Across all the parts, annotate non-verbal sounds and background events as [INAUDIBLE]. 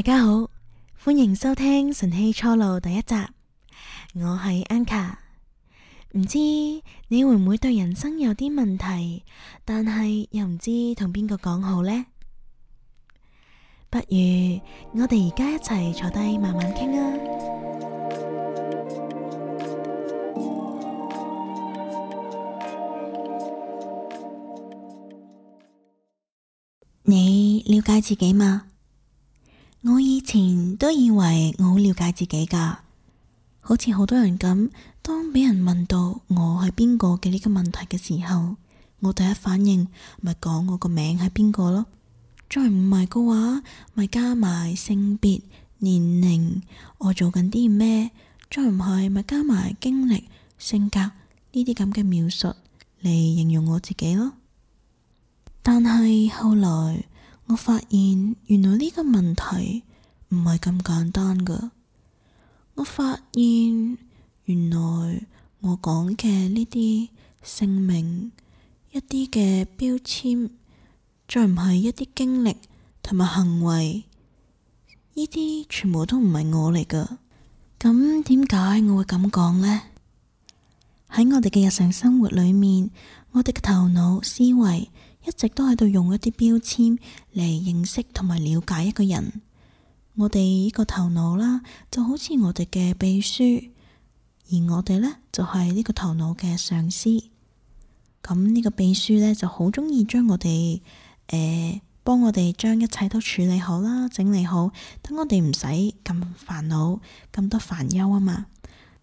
大家好，歡迎收聽《晨曦初露》第一集。我係 Anka，唔知你會唔會對人生有啲問題，但係又唔知同邊個講好呢？不如我哋而家一齊坐低慢慢傾啊！你了解自己嗎？我以前都以為我好了解自己噶，好似好多人咁，當畀人問到我係邊個嘅呢個問題嘅時候，我第一反應咪講我個名係邊個咯，再唔係嘅話咪加埋性別、年齡，我做緊啲咩，再唔係咪加埋經歷、性格呢啲咁嘅描述嚟形容我自己咯。但係後來。我發現原來呢個問題唔係咁簡單噶。我發現原來我講嘅呢啲姓名一啲嘅標籤，再唔係一啲經歷同埋行為，呢啲全部都唔係我嚟噶。咁點解我會咁講呢？喺我哋嘅日常生活裏面，我哋嘅頭腦，思維。一直都喺度用一啲標籤嚟認識同埋了解一個人。我哋呢個頭腦啦，就好似我哋嘅秘書，而我哋呢，就係呢個頭腦嘅上司。咁、這、呢個秘書呢，就好中意將我哋誒、呃，幫我哋將一切都處理好啦，整理好，等我哋唔使咁煩惱咁多煩憂啊嘛。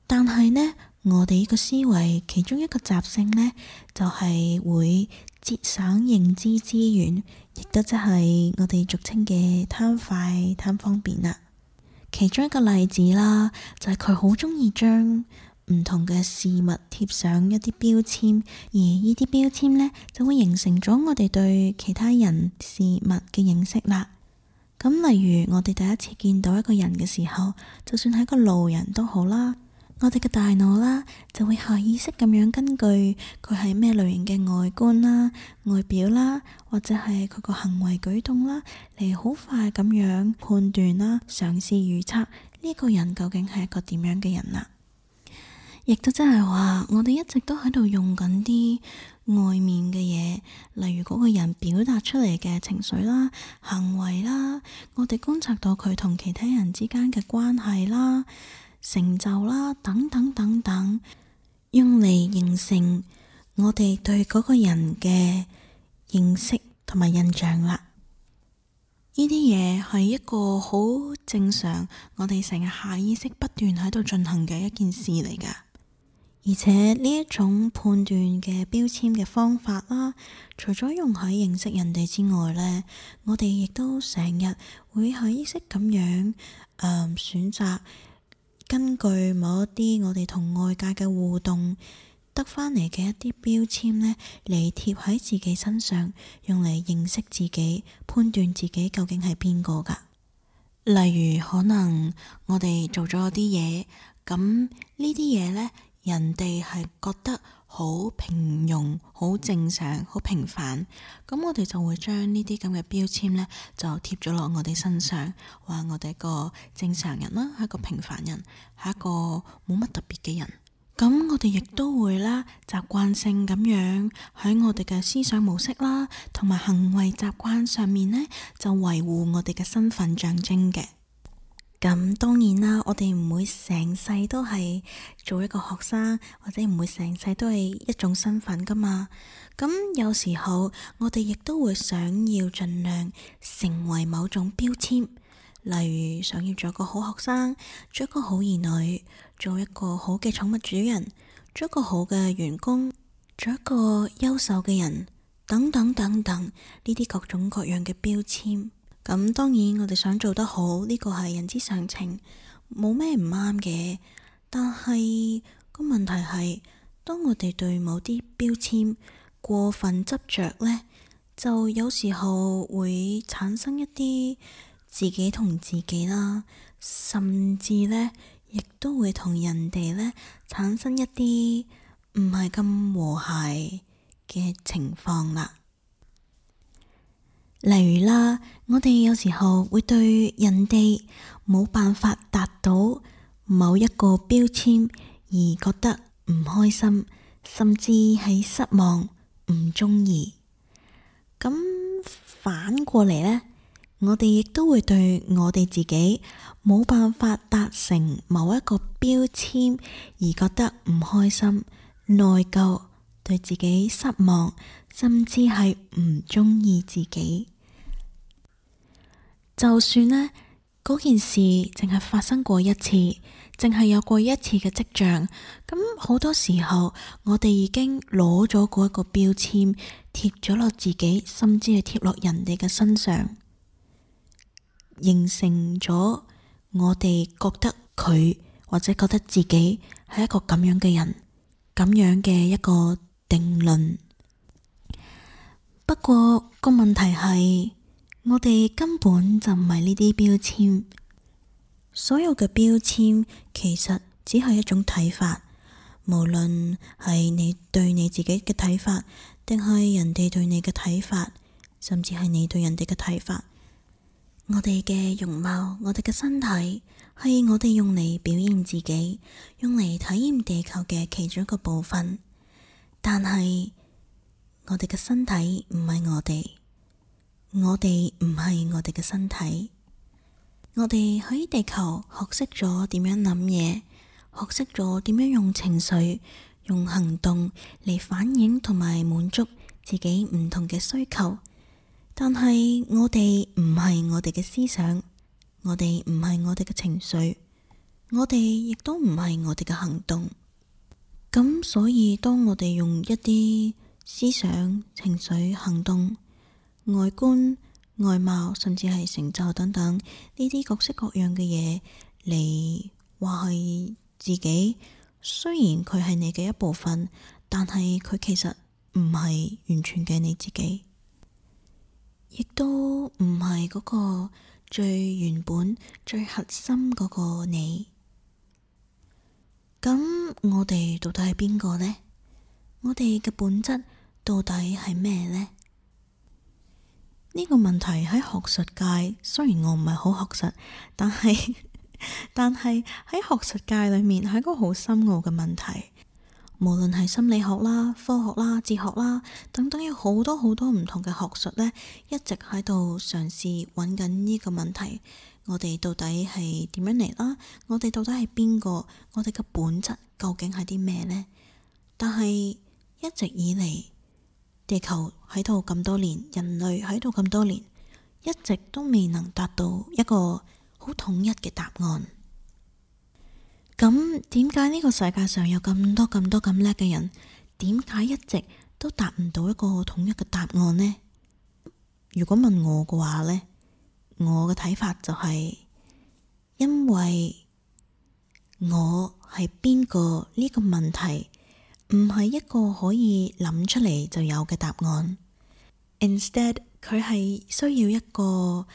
但係呢，我哋呢個思維其中一個習性呢，就係會。節省認知資源，亦都即係我哋俗稱嘅貪快貪方便啦。其中一個例子啦，就係佢好鍾意將唔同嘅事物貼上一啲標籤，而呢啲標籤呢，就會形成咗我哋對其他人事物嘅認識啦。咁例如我哋第一次見到一個人嘅時候，就算係一個路人都好啦。我哋嘅大腦啦，就會下意識咁樣根據佢係咩類型嘅外觀啦、外表啦，或者係佢個行為舉動啦，嚟好快咁樣判斷啦，嘗試預測呢個人究竟係一個點樣嘅人啊！亦都真係話，我哋一直都喺度用緊啲外面嘅嘢，例如嗰個人表達出嚟嘅情緒啦、行為啦，我哋觀察到佢同其他人之間嘅關係啦。成就啦，等等等等，用嚟形成我哋對嗰個人嘅認識同埋印象啦。呢啲嘢係一個好正常，我哋成日下意識不斷喺度進行嘅一件事嚟噶。而且呢一種判斷嘅標籤嘅方法啦，除咗用喺認識人哋之外咧，我哋亦都成日會下意識咁樣誒、嗯、選擇。根據某一啲我哋同外界嘅互動得翻嚟嘅一啲標籤呢，嚟貼喺自己身上，用嚟認識自己、判斷自己究竟係邊個噶。例如，可能我哋做咗啲嘢，咁呢啲嘢呢，人哋係覺得。好平庸、好正常、好平凡，咁我哋就會將呢啲咁嘅標籤呢就貼咗落我哋身上，話我哋一個正常人啦，係一個平凡人，係一個冇乜特別嘅人。咁我哋亦都會啦，習慣性咁樣喺我哋嘅思想模式啦，同埋行為習慣上面呢，就維護我哋嘅身份象徵嘅。咁當然啦，我哋唔會成世都係做一個學生，或者唔會成世都係一種身份噶嘛。咁有時候我哋亦都會想要盡量成為某種標籤，例如想要做一個好學生，做一個好兒女，做一個好嘅寵物主人，做一個好嘅員工，做一個優秀嘅人，等等等等等等，呢啲各種各樣嘅標籤。咁當然，我哋想做得好，呢個係人之常情，冇咩唔啱嘅。但係個問題係，當我哋對某啲標籤過分執着咧，就有時候會產生一啲自己同自己啦，甚至咧亦都會同人哋咧產生一啲唔係咁和諧嘅情況啦。例如啦，我哋有時候會對人哋冇辦法達到某一個標籤而覺得唔開心，甚至係失望、唔鍾意。咁反過嚟咧，我哋亦都會對我哋自己冇辦法達成某一個標籤而覺得唔開心、內疚，對自己失望，甚至係唔鍾意自己。就算呢，嗰件事淨係發生過一次，淨係有過一次嘅跡象，咁好多時候我哋已經攞咗嗰一個標籤貼咗落自己，甚至係貼落人哋嘅身上，形成咗我哋覺得佢或者覺得自己係一個咁樣嘅人，咁樣嘅一個定論。不過個問題係，我哋根本就唔係呢啲標籤，所有嘅標籤其實只係一種睇法，無論係你對你自己嘅睇法，定係人哋對你嘅睇法，甚至係你對人哋嘅睇法。 [NOISE] 我哋嘅容貌，我哋嘅身體，係我哋用嚟表現自己，用嚟體驗地球嘅其中一個部分。但係我哋嘅身體唔係我哋。我哋唔係我哋嘅身體，我哋喺地球學識咗點樣諗嘢，學識咗點樣用情緒、用行動嚟反映同埋滿足自己唔同嘅需求。但係我哋唔係我哋嘅思想，我哋唔係我哋嘅情緒，我哋亦都唔係我哋嘅行動。咁所以，當我哋用一啲思想、情緒、行動，外觀、外貌，甚至係成就等等，呢啲各式各樣嘅嘢，你話係自己？雖然佢係你嘅一部分，但係佢其實唔係完全嘅你自己，亦都唔係嗰個最原本、最核心嗰個你。咁我哋到底係邊個呢？我哋嘅本質到底係咩呢？呢個問題喺學術界，雖然我唔係好學術，但係 [LAUGHS] 但係喺學術界裏面係一個好深奧嘅問題。無論係心理學啦、科學啦、哲學啦，等等，有好多好多唔同嘅學術咧，一直喺度嘗試揾緊呢個問題。我哋到底係點樣嚟啦？我哋到底係邊個？我哋嘅本質究竟係啲咩呢？但係一直以嚟。地球喺度咁多年，人類喺度咁多年，一直都未能達到一個好統一嘅答案。咁點解呢個世界上有咁多咁多咁叻嘅人，點解一直都達唔到一個統一嘅答案呢？如果問我嘅話呢，我嘅睇法就係，因為我係邊個呢個問題唔係一個可以諗出嚟就有嘅答案。Instead，佢係需要一個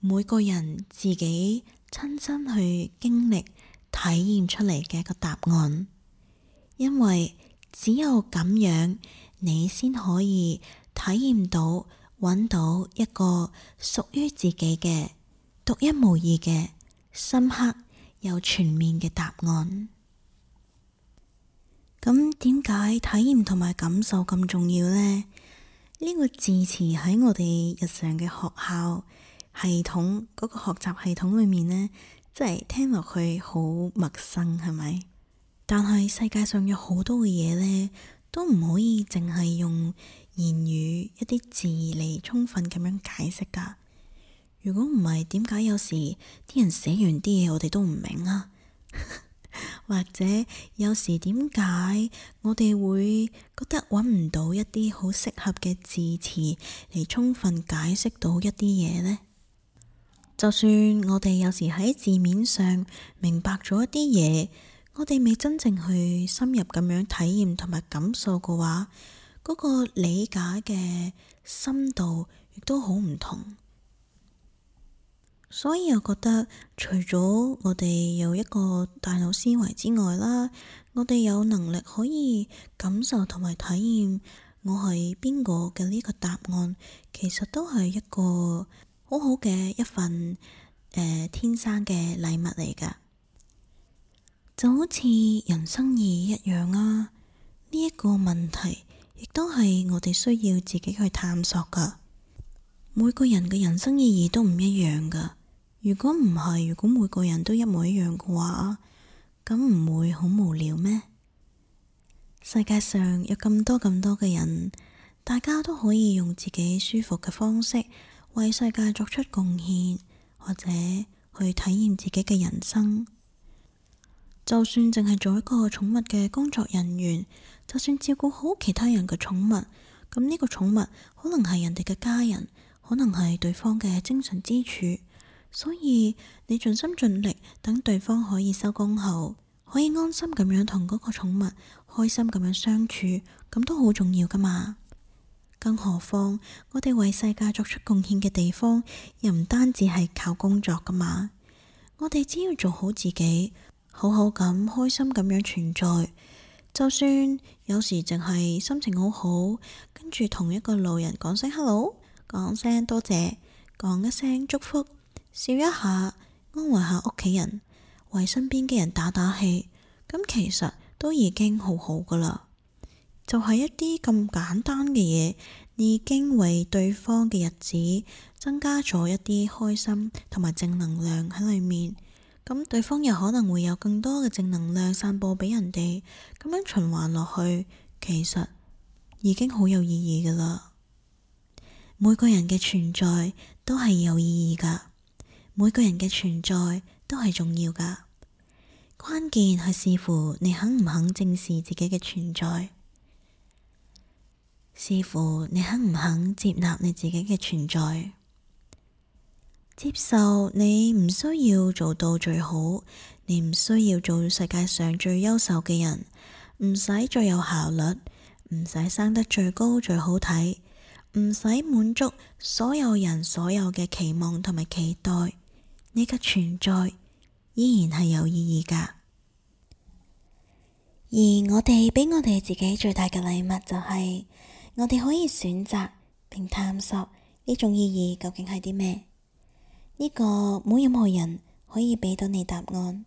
每個人自己親身去經歷、體驗出嚟嘅一個答案。因為只有咁樣，你先可以體驗到、搵到一個屬於自己嘅、獨一無二嘅、深刻又全面嘅答案。咁點解體驗同埋感受咁重要呢？呢個字詞喺我哋日常嘅學校系統嗰個學習系統裏面呢，即係聽落去好陌生，係咪？但係世界上有好多嘅嘢呢，都唔可以淨係用言語一啲字嚟充分咁樣解釋噶。如果唔係，點解有時啲人寫完啲嘢，我哋都唔明啊？ [LAUGHS] 或者有時點解我哋會覺得揾唔到一啲好適合嘅字詞嚟充分解釋到一啲嘢呢？就算我哋有時喺字面上明白咗一啲嘢，我哋未真正去深入咁樣體驗同埋感受嘅話，嗰個理解嘅深度亦都好唔同。所以我覺得，除咗我哋有一個大腦思維之外啦，我哋有能力可以感受同埋體驗我係邊個嘅呢個答案，其實都係一個好好嘅一份誒、呃、天生嘅禮物嚟噶。就好似人生意義一樣啊，呢、這、一個問題亦都係我哋需要自己去探索噶。每個人嘅人生意義都唔一樣噶。如果唔係，如果每個人都一模一樣嘅話，咁唔會好無聊咩？世界上有咁多咁多嘅人，大家都可以用自己舒服嘅方式為世界作出貢獻，或者去體驗自己嘅人生。就算淨係做一個寵物嘅工作人員，就算照顧好其他人嘅寵物，咁呢個寵物可能係人哋嘅家人，可能係對方嘅精神支柱。所以你盡心盡力，等對方可以收工後，可以安心咁樣同嗰個寵物開心咁樣相處，咁都好重要噶嘛。更何況我哋為世界作出貢獻嘅地方，又唔單止係靠工作噶嘛。我哋只要做好自己，好好咁開心咁樣存在，就算有時淨係心情好好，跟住同一個路人講聲 hello，講聲多謝，講一聲祝福。笑一下，安慰下屋企人，為身邊嘅人打打氣，咁其實都已經好好噶啦。就係一啲咁簡單嘅嘢，你已經為對方嘅日子增加咗一啲開心同埋正能量喺裏面。咁對方又可能會有更多嘅正能量散播畀人哋，咁樣循環落去，其實已經好有意義噶啦。每個人嘅存在都係有意義噶。每個人嘅存在都係重要㗎，關鍵係視乎你肯唔肯正視自己嘅存在，視乎你肯唔肯接納你自己嘅存在，接受你唔需要做到最好，你唔需要做世界上最優秀嘅人，唔使最有效率，唔使生得最高最好睇，唔使滿足所有人所有嘅期望同埋期待。你嘅存在依然係有意義噶，而我哋畀我哋自己最大嘅禮物就係我哋可以選擇並探索呢種意義究竟係啲咩？呢個冇任何人可以畀到你答案，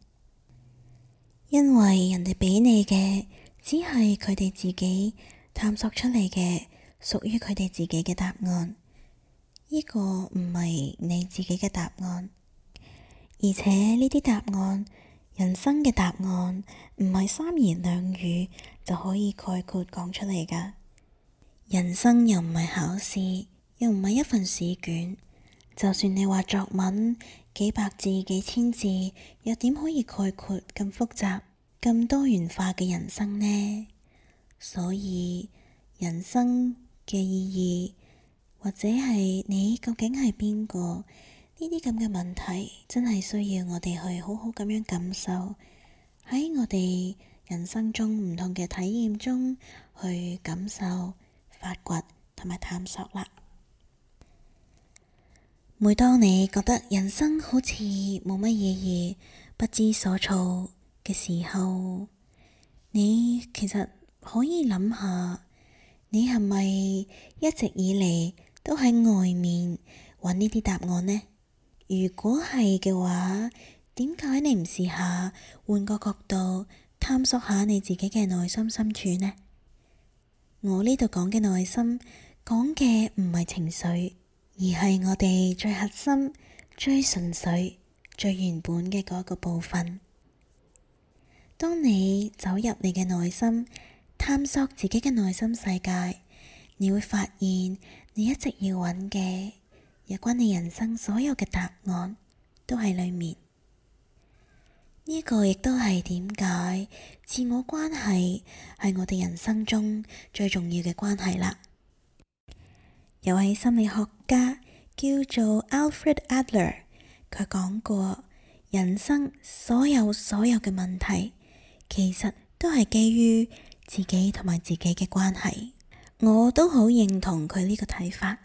因為人哋畀你嘅只係佢哋自己探索出嚟嘅屬於佢哋自己嘅答案，呢個唔係你自己嘅答案。而且呢啲答案，人生嘅答案唔係三言兩語就可以概括講出嚟噶。人生又唔係考試，又唔係一份試卷。就算你話作文幾百字，幾千字，又點可以概括咁複雜、咁多元化嘅人生呢？所以，人生嘅意義，或者係你究竟係邊個？呢啲咁嘅問題真係需要我哋去好好咁樣感受，喺我哋人生中唔同嘅體驗中去感受、發掘同埋探索啦。每當你覺得人生好似冇乜嘢嘢，不知所措嘅時候，你其實可以諗下，你係咪一直以嚟都喺外面揾呢啲答案呢？如果係嘅話，點解你唔試下換個角度探索下你自己嘅內心深處呢？我呢度講嘅內心，講嘅唔係情緒，而係我哋最核心、最純粹、最原本嘅嗰個部分。當你走入你嘅內心，探索自己嘅內心世界，你會發現你一直要揾嘅。有關你人生所有嘅答案，都喺裏面。呢個亦都係點解自我關係係我哋人生中最重要嘅關係啦。有位心理學家叫做 Alfred Adler，佢講過，人生所有所有嘅問題，其實都係基於自己同埋自己嘅關係。我都好認同佢呢個睇法。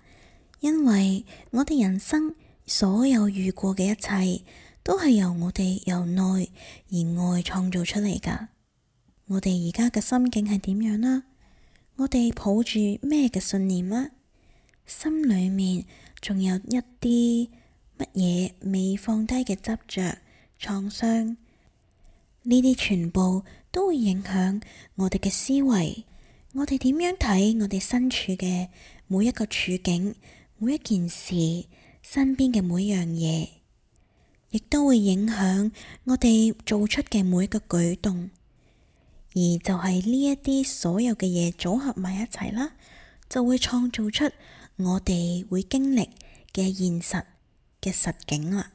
因為我哋人生所有遇過嘅一切，都係由我哋由內而外創造出嚟噶。我哋而家嘅心境係點樣啦？我哋抱住咩嘅信念啦？心裏面仲有一啲乜嘢未放低嘅執着、創傷，呢啲全部都會影響我哋嘅思維，我哋點樣睇我哋身處嘅每一個處境？每一件事，身邊嘅每樣嘢，亦都會影響我哋做出嘅每一個舉動，而就係呢一啲所有嘅嘢，組合埋一齊啦，就會創造出我哋會經歷嘅現實嘅實景啦。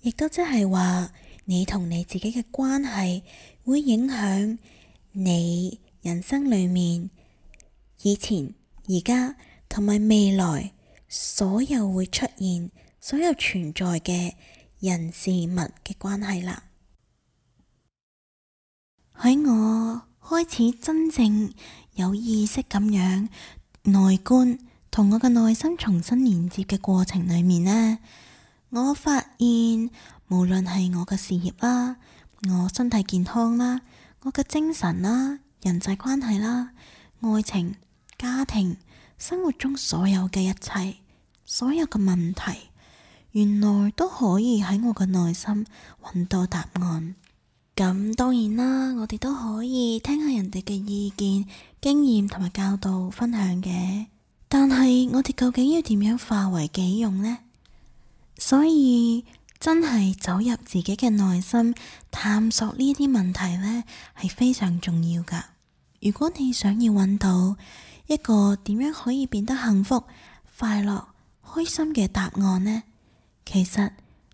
亦都即係話，你同你自己嘅關係會影響你人生裏面以前，而家，同埋未來所有會出現、所有存在嘅人事物嘅關係啦。喺我開始真正有意識咁樣內觀同我嘅內心重新連接嘅過程裏面呢，我發現無論係我嘅事業啦、我身體健康啦、我嘅精神啦、人際關係啦、愛情、家庭。生活中所有嘅一切，所有嘅問題，原來都可以喺我嘅內心揾到答案。咁當然啦，我哋都可以聽下人哋嘅意見、經驗同埋教導分享嘅。但係我哋究竟要點樣化為己用呢？所以真係走入自己嘅內心，探索呢啲問題呢，係非常重要噶。如果你想要揾到，一個點樣可以變得幸福、快樂、開心嘅答案呢？其實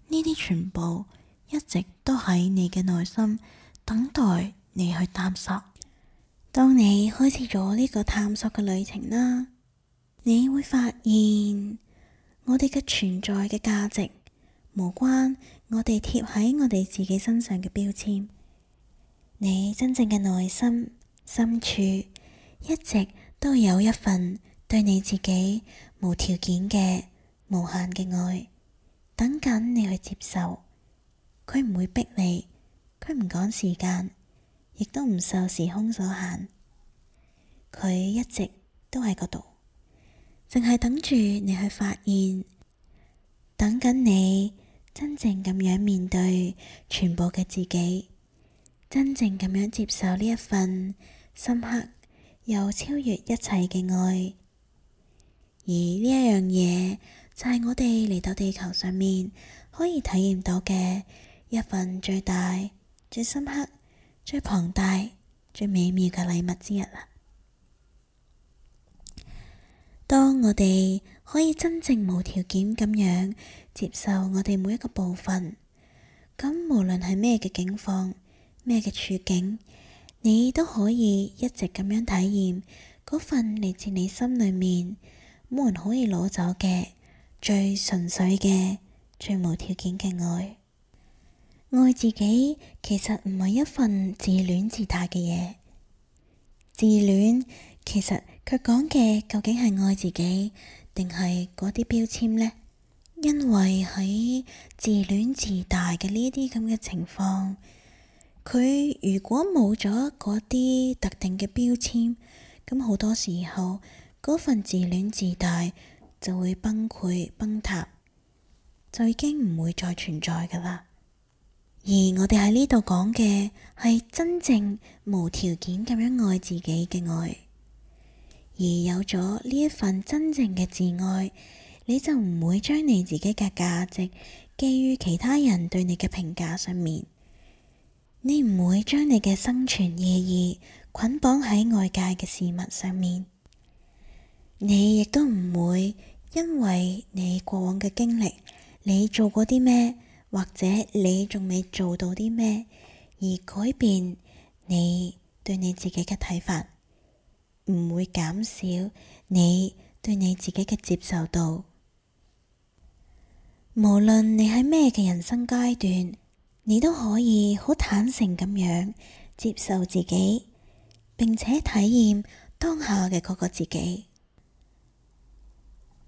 呢啲全部一直都喺你嘅內心等待你去探索。當你開始咗呢個探索嘅旅程啦，你會發現我哋嘅存在嘅價值無關我哋貼喺我哋自己身上嘅標籤。你真正嘅內心深處一直都有一份對你自己無條件嘅無限嘅愛，等緊你去接受。佢唔會逼你，佢唔趕時間，亦都唔受時空所限。佢一直都喺嗰度，淨係等住你去發現，等緊你真正咁樣面對全部嘅自己，真正咁樣接受呢一份深刻。又超越一切嘅愛，而呢一樣嘢，就係我哋嚟到地球上面可以體驗到嘅一份最大、最深刻、最龐大、最美妙嘅禮物之一啦。當我哋可以真正無條件咁樣接受我哋每一個部分，咁無論係咩嘅境況、咩嘅處境。你都可以一直咁樣體驗嗰份嚟自你心裏面冇人可以攞走嘅最純粹嘅、最無條件嘅愛。愛自己其實唔係一份自戀自大嘅嘢，自戀其實佢講嘅究竟係愛自己，定係嗰啲標籤呢？因為喺自戀自大嘅呢啲咁嘅情況。佢如果冇咗嗰啲特定嘅標籤，咁好多時候嗰份自戀自大就會崩潰崩塌，就已經唔會再存在噶啦。而我哋喺呢度講嘅係真正無條件咁樣愛自己嘅愛，而有咗呢一份真正嘅自愛，你就唔會將你自己嘅價值基於其他人對你嘅評價上面。你唔會將你嘅生存意義捆綁喺外界嘅事物上面，你亦都唔會因為你過往嘅經歷、你做過啲咩，或者你仲未做到啲咩而改變你對你自己嘅睇法，唔會減少你對你自己嘅接受度，無論你喺咩嘅人生階段。你都可以好坦誠咁樣接受自己，並且體驗當下嘅嗰個，個自己。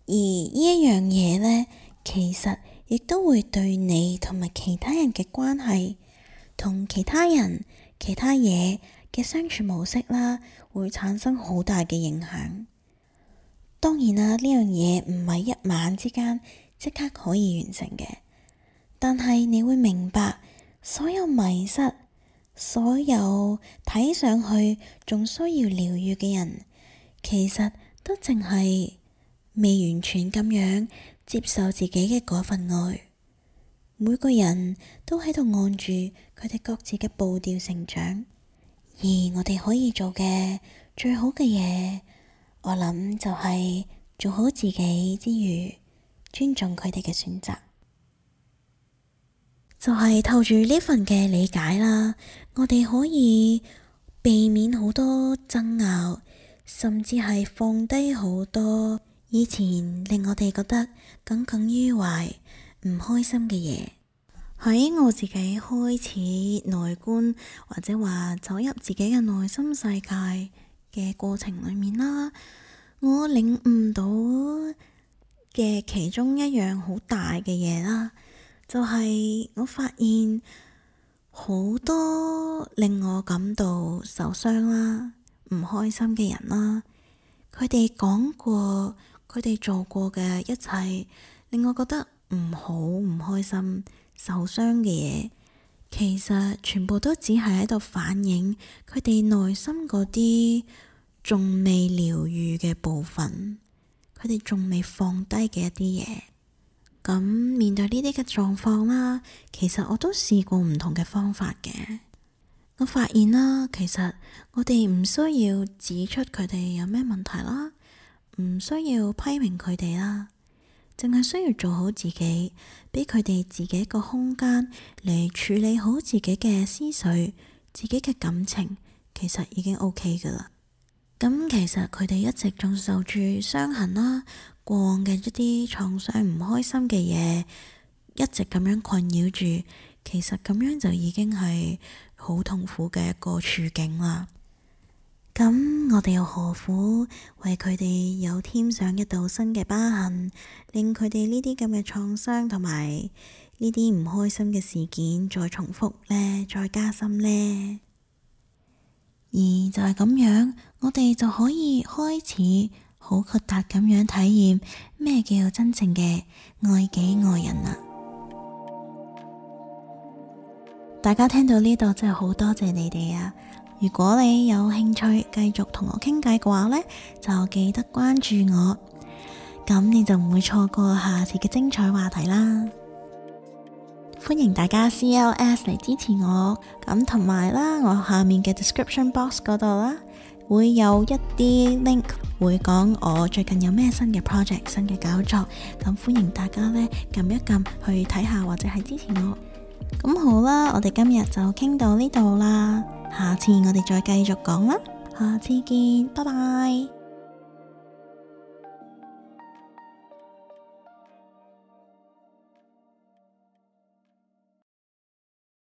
而呢一樣嘢咧，其實亦都會對你同埋其他人嘅關係，同其他人、其他嘢嘅相處模式啦，會產生好大嘅影響。當然啦，呢樣嘢唔係一晚之間即刻可以完成嘅，但係你會明白。所有迷失，所有睇上去仲需要療愈嘅人，其實都淨係未完全咁樣接受自己嘅嗰份愛。每個人都喺度按住佢哋各自嘅步調成長，而我哋可以做嘅最好嘅嘢，我諗就係做好自己之餘，尊重佢哋嘅選擇。就係透住呢份嘅理解啦，我哋可以避免好多爭拗，甚至係放低好多以前令我哋覺得耿耿於懷、唔開心嘅嘢。喺 [MUSIC] 我自己開始內觀或者話走入自己嘅內心世界嘅過程裏面啦，我領悟到嘅其中一樣好大嘅嘢啦。就係我發現好多令我感到受傷啦、唔開心嘅人啦，佢哋講過，佢哋做過嘅一切，令我覺得唔好、唔開心、受傷嘅嘢，其實全部都只係喺度反映佢哋內心嗰啲仲未療愈嘅部分，佢哋仲未放低嘅一啲嘢。咁面對呢啲嘅狀況啦，其實我都試過唔同嘅方法嘅。我發現啦，其實我哋唔需要指出佢哋有咩問題啦，唔需要批評佢哋啦，淨係需要做好自己，畀佢哋自己一個空間嚟處理好自己嘅思緒、自己嘅感情，其實已經 OK 㗎喇。咁其實佢哋一直仲受住傷痕啦，過往嘅一啲創傷、唔開心嘅嘢，一直咁樣困擾住。其實咁樣就已經係好痛苦嘅一個處境啦。咁我哋又何苦為佢哋又添上一道新嘅疤痕，令佢哋呢啲咁嘅創傷同埋呢啲唔開心嘅事件再重複呢、再加深呢？而就係咁樣。我哋就可以開始好豁達咁樣體驗咩叫真正嘅愛己愛人呀。大家聽到呢度真係好多謝你哋啊！如果你有興趣繼續同我傾偈嘅話呢，就記得關注我，咁你就唔會錯過下次嘅精彩話題啦。歡迎大家 CLS 嚟支持我，咁同埋啦，我下面嘅 description box 嗰度啦。會有一啲 link 會講我最近有咩新嘅 project 新嘅搞作，咁歡迎大家呢撳一撳去睇下，或者係支持我，咁好啦，我哋今日就傾到呢度啦，下次我哋再繼續講啦，下次見，拜拜。